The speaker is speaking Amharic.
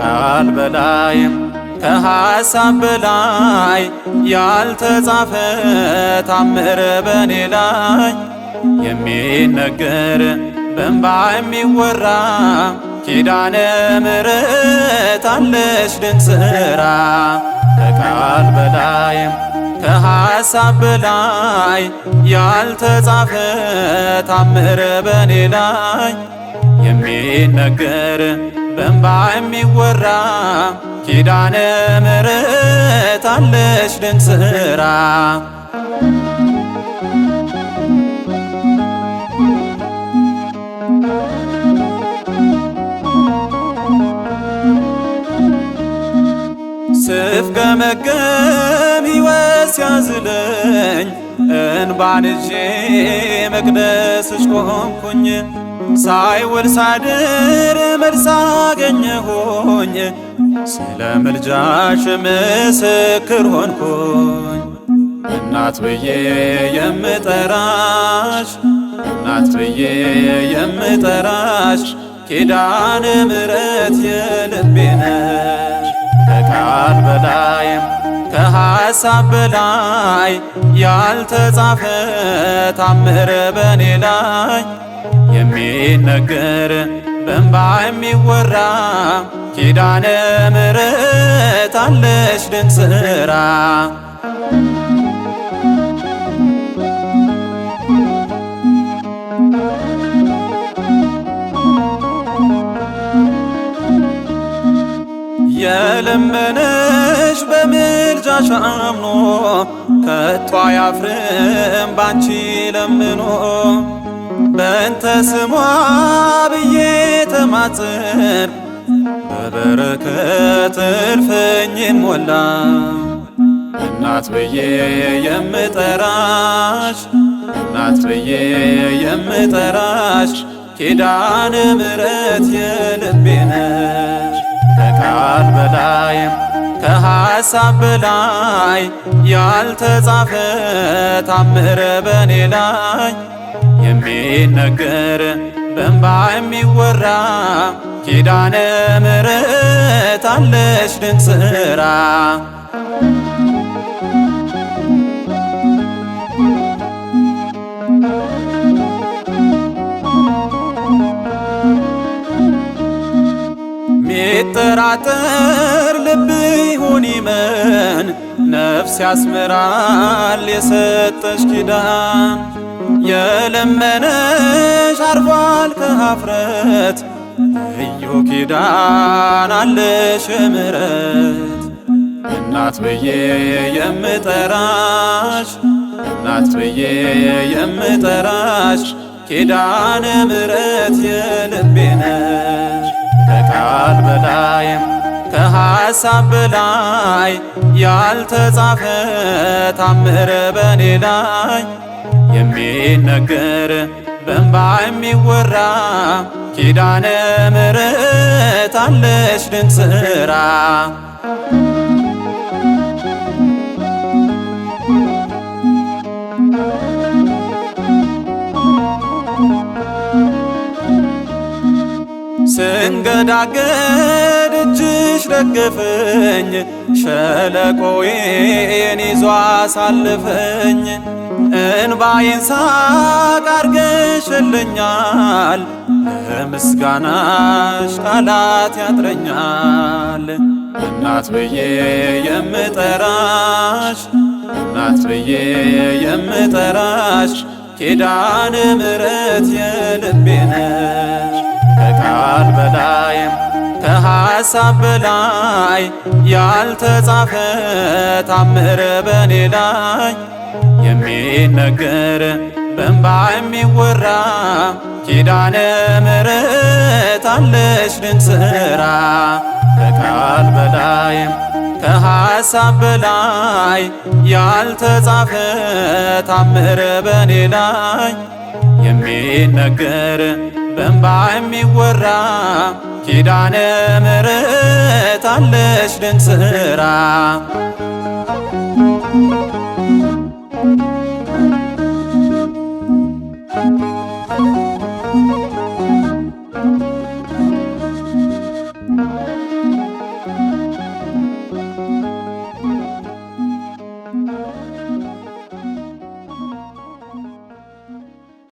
ከቃል በላይም ከሐሳብ በላይ ያልተጻፈ ታምር በኔ ላይ የሚነገር በእንባ የሚወራ ኪዳነ ምሕረት አለሽ ድንቅ ሥራ ከቃል በላይም ከሐሳብ በላይ ያልተጻፈ ታምር በኔ ላይ የሚነገር በእንባ የሚወራ ኪዳነ ምሕረት አለሽ ድንቅ ስራ ስፍገመገም ሕይወት ሲያዝለኝ እንባን ይዤ መቅደስሽ ቆምኩኝ ሳይውል ሳድር መልስ አገኘሁኝ፣ ስለ ምልጃሽ ምስክር ሆንኩኝ። እናት ብዬ የምጠራሽ እናት ብዬ የምጠራሽ ኪዳነ ምሕረት የልቤ ነሽ ከቃል በላይም ከሐሳብ በላይ ያልተጻፈ ታምር በኔ ላይ የሚነገር በእንባ የሚወራ ኪዳነ ምሕረት አለሽ ድንቅ ስራ የለመነ ልጅሽ በምልጃሽ አምኖ ከቶ አያፍርም ባንቺ ለምኖ በእንተ ስሟ ብዬ ተማጽን በበረከት እልፍኝን ሞላ እናት ብዬ የምጠራሽ እናት ብዬ የምጠራሽ ኪዳነ ምሕረት የልቤ ነሽ ከቃል በላይም ከሐሳብ በላይ ያልተጻፈ ታምር በኔ ላይ የሚነገር በእንባ የሚወራ ኪዳነ ምሕረት አለሽ ድንቅ ሥራ ሚጠራጠር ልብ ይሁን ይመን ነፍስ ያስምራል የሰጠሽ ኪዳን የለመነሽ አርፏል ከሀፍረት እዩ ኪዳን አለሽ ምረት እናት ብዬ የምጠራሽ እናት ብዬ የምጠራሽ ኪዳነ ምረት የልቤ ነሽ ከቃል በላይ ከሐሳብ በላይ ያልተጻፈ ታምር በኔ ላይ የሚነገር በእንባ የሚወራ ኪዳነ ምሕረት አለሽ ድንቅ ሥራ ስንገዳገድ እጅሽ ደገፈኝ ሸለቆዬን ይዞ አሳልፈኝ። እንባዬን ሳቅ አርገሽልኛል፣ ለምስጋናሽ ቃላት ያጥረኛል። እናት ብዬ የምጠራሽ እናት ብዬ የምጠራሽ ኪዳነ ምሕረት የልቤ ነሽ ከቃል በላይም ከሐሳብ በላይ ያልተጻፈ ታምር በኔ ላይ የሚነገር በእንባ የሚወራ ኪዳነ ምሕረት አለሽ ድንቅ ሥራ ከቃል በላይም ከሐሳብ በላይ ያልተጻፈ ታምር በኔ ላይ የሚነገር በእንባ የሚወራ ኪዳነ ምሕረት አለሽ ድንቅ ስራ